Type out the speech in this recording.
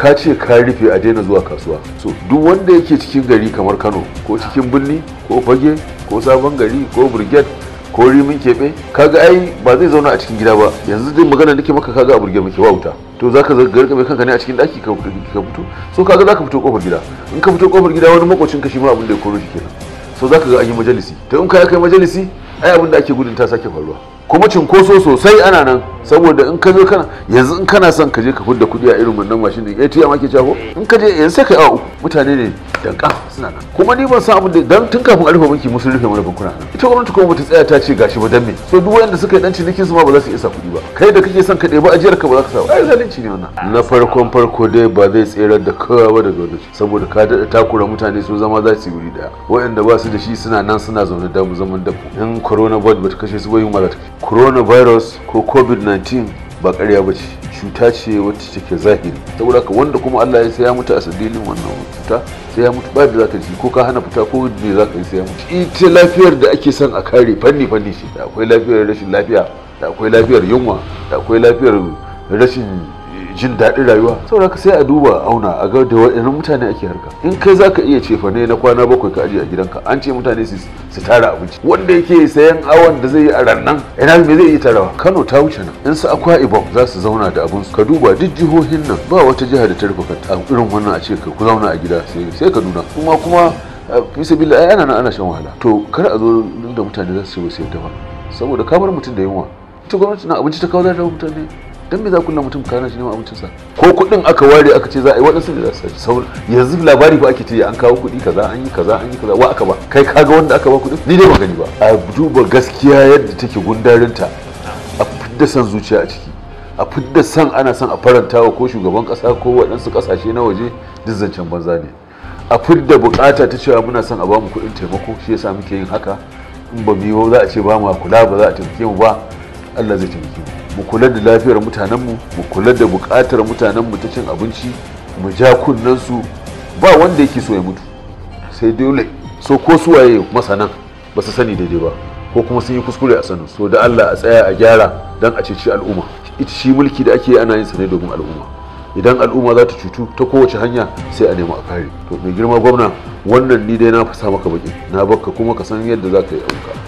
ka ce ka rufe a daina zuwa kasuwa so duk wanda yake cikin gari kamar kano ko cikin birni ko fage ko sabon gari ko birged ko rimin keɓe kaga ai ba zai zauna a cikin gida ba yanzu dai magana nake maka kaga a burge muke wauta to zaka zarga mai kanka ne a cikin daki ka fito so kaga zaka fito kofar gida in ka fito kofar gida wani makocin ka shi ma abin da ya koro shi kenan so zaka ga an yi majalisi to in ka kai majalisi ai abin da ake gudun ta sake faruwa kuma cinkoso sosai ana nan saboda in ka zo kana yanzu in kana son ka je ka fudda kuɗi a irin wannan mashin din ATM ake cewa ko in ka je yanzu sai ka yi uku mutane ne danka suna nan kuma ni ban san abin da dan tun kafin alfa banki musu rufe mana bankuna nan ita gwamnati kuma bata tsaya ta ce gashi ba dan me so duk wanda suka yi dan cinikin su ma ba za su isa kuɗi ba kai da kake son ka ɗebi ajiyar ka ba za ka samu ai zalunci ne wannan na farkon farko dai ba zai tserar da kowa ba daga gwamnati saboda ka daɗa takura mutane su zama za su yi wuri daya waɗanda ba su da shi suna nan suna zaune da mu zaman dabbo in corona bot bata kashe su ba yin mara ta corona virus ko covid-19 ba ƙarya ba ce cuta ce wacce take zahiri saboda ka wanda kuma Allah ya sai ya mutu a sadilin wannan cuta sai ya mutu ba da zaka ji ko ka hana fita ko me zaka yi sai ya mutu ita lafiyar da ake son a kare fanni fanni ce da akwai lafiyar rashin lafiya da akwai lafiyar yunwa da akwai lafiyar rashin jin daɗin rayuwa saboda sai a duba auna a ga da waɗannan mutane ake harka in kai za ka iya cefa ne na kwana bakwai ka ajiye a gidanka an ce mutane su tara abinci wanda yake sayan awon da zai yi a rannan ina me zai yi tarawa kano ta wuce nan in su akwa ibom za su zauna da abun ka duba duk jihohin nan ba wata jiha da ta rufe a irin wannan a ce ka ku zauna a gida sai kaduna kuma kuma fi sabila ai ana ana shan wahala to kar a zo da mutane za su ce ba saboda kamar mutum da yunwa ita gwamnati na abinci ta kawo da mutane dan me za ku mutum kana shi neman abincinsa ko kuɗin aka ware aka ce za a yi waɗansu da za yanzu labari ba ake ce an kawo kuɗi kaza an yi kaza an yi kaza wa aka ba kai kaga wanda aka ba kudi ni dai ba gani ba a duba gaskiya yadda take gundarinta a fidda san zuciya a ciki a fidda san ana son a faranta wa ko shugaban kasa ko waɗansu kasashe na waje duk zancen banza ne a fidda bukata ta cewa muna son a bamu kuɗin taimako shi yasa muke yin haka in ba mu yi za a ce ba mu kula ba za a taimake mu ba Allah zai taimake mu mu kula da lafiyar mutanenmu mu kula da mutanen mutanenmu ta cin abinci mu ja su ba wanda yake so ya mutu sai dole so ko suwaye masanan ba su sani daidai ba ko kuma sun yi kuskure a sanin so da Allah a tsaya a gyara don a ceci al'umma ita shi mulki da ake ana yin sa ne domin al'umma idan al'umma za ta cutu ta kowace hanya sai a nemi a kare to mai girma gwamna wannan ni dai na fasa maka baki na baka kuma ka san yadda za ka yi abuka